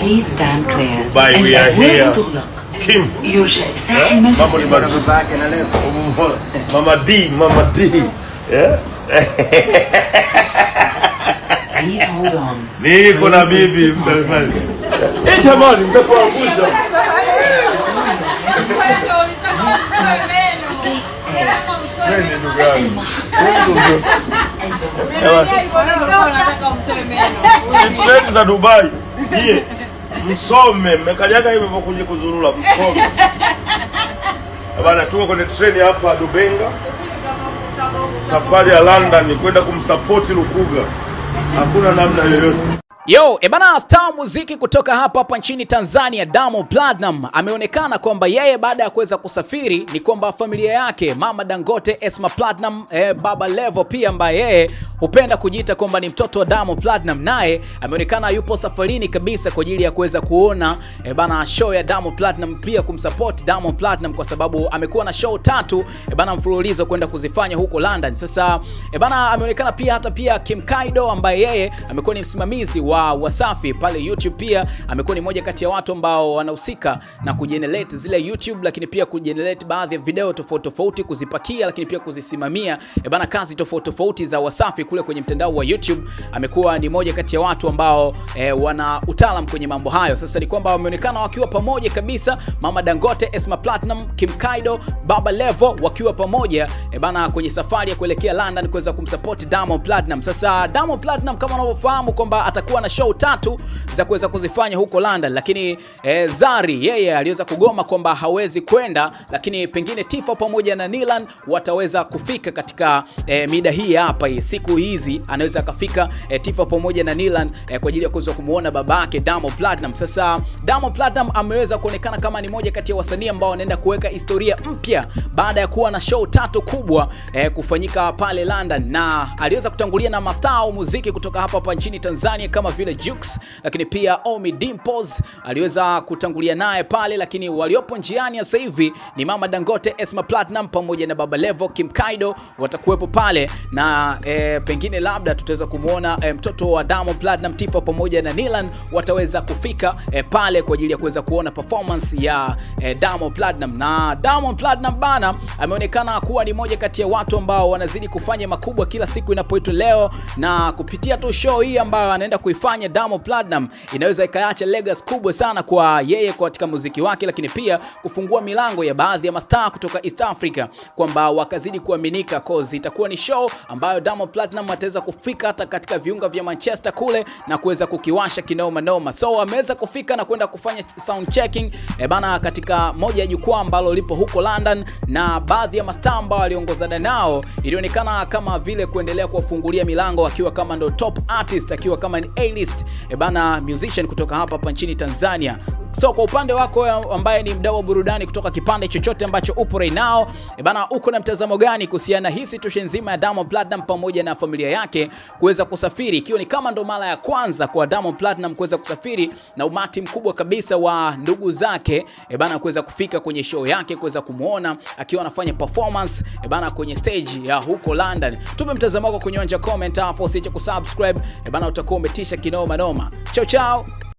Dubai, we are here. Kim. Yeah? Mambo ni mazuri. Mama D, Mama D. Yeah? Niko na bibi jamani mtapoangusha. za Dubai msome, mmekanyaga hivyo kuja kuzurura, msome bana. Tuko kwenye treni hapa Dubenga, safari ya London kwenda kumsapoti Lukuga, hakuna namna yoyote. Yo, ebana star muziki kutoka hapa hapa nchini Tanzania Diamond Platnumz ameonekana kwamba yeye baada ya kuweza kusafiri ni kwamba familia yake mama Dangote, Esma Platnumz, eh, baba Levo pia ambaye yeye hupenda kujiita kwamba ni mtoto wa Diamond Platnumz, naye ameonekana yupo safarini kabisa kwa ajili ya kuweza kuona eh, bana show ya Diamond Platnumz, pia kumsupport Diamond Platnumz kwa sababu amekuwa na show tatu eh, bana mfululizo kwenda kuzifanya huko London. Sasa eh, bana ameonekana pia hata pia Kim Kaido ambaye yeye amekuwa ni msimamizi wa Wasafi pale YouTube pia amekuwa ni moja kati ya watu ambao wanahusika na kujenerate zile YouTube, lakini pia kujenerate baadhi ya video tofauti tofauti, kuzipakia lakini pia kuzisimamia e bana, kazi tofauti tofauti za Wasafi kule kwenye mtandao wa YouTube. Amekuwa ni moja kati ya watu ambao e, wana utaalam kwenye mambo hayo. Sasa ni kwamba wameonekana wakiwa pamoja kabisa, Mama Dangote, Esma Platinum, Kim Kaido, Baba Levo wakiwa pamoja e bana, kwenye safari ya kuelekea London kuweza kumsupport Diamond Platinum. Sasa Diamond Platinum kama unavyofahamu kwamba atakuwa na show tatu za kuweza kuzifanya huko London, lakini e, Zari yeye aliweza kugoma kwamba hawezi kwenda, lakini pengine Tifa pamoja na Nilan wataweza kufika katika e, mida hii hapa hii siku hizi anaweza akafika e, eh, Tifa pamoja na Nilan e, kwa ajili ya kuweza kumuona babake Diamond Platinum. Sasa Diamond Platinum ameweza kuonekana kama ni moja kati ya wasanii ambao wanaenda kuweka historia mpya baada ya kuwa na show tatu kubwa e, kufanyika pale London, na aliweza kutangulia na mastaa muziki kutoka hapa hapa nchini Tanzania kama kama vile Jukes, lakini pia Omi Dimples aliweza kutangulia naye pale, lakini waliopo njiani sasa hivi ni Mama Dangote, Esma Platinum pamoja na Baba Levo, Kim Kaido watakuwepo pale na e, pengine labda tutaweza kumwona e, eh, mtoto wa Diamond Platinum Tifa pamoja na Nilan wataweza kufika e, pale kwa ajili ya kuweza kuona performance ya e, Diamond Platinum. Na Diamond Platinum bana ameonekana kuwa ni moja kati ya watu ambao wanazidi kufanya makubwa kila siku inapoitwa leo, na kupitia tu show hii ambayo anaenda kuifanya kumfanya Diamond Platinum inaweza ikaacha legacy kubwa sana kwa yeye katika muziki wake, lakini pia kufungua milango ya baadhi ya mastaa kutoka East Africa kwamba wakazidi kuaminika, cause itakuwa ni show ambayo Diamond Platinum ataweza kufika hata katika viunga vya Manchester kule na kuweza kukiwasha kinoma noma. So ameweza kufika na kwenda kufanya sound checking e bana, katika moja ya jukwaa ambalo lipo huko London, na baadhi ya mastaa ambao aliongozana nao ilionekana kama vile kuendelea kuwafungulia milango akiwa kama ndo top artist akiwa kama ni playlist. E bana musician kutoka hapa hapa nchini Tanzania So kwa upande wako ambaye ni mdau wa burudani kutoka kipande chochote ambacho upo right now, e bana, uko na mtazamo gani kuhusiana na hii situation nzima ya Diamond Platinum pamoja na familia yake kuweza kusafiri, ikiwa ni kama ndo mara ya kwanza kwa Diamond Platinum kuweza kusafiri na umati mkubwa kabisa wa ndugu zake e bana, kuweza kufika kwenye show yake, kuweza kumwona akiwa anafanya performance e bana, kwenye stage ya huko London. Tupe mtazamo wako kwenye uwanja comment hapo, usiache kusubscribe e bana, utakuwa umetisha kinoma noma. Chao chao.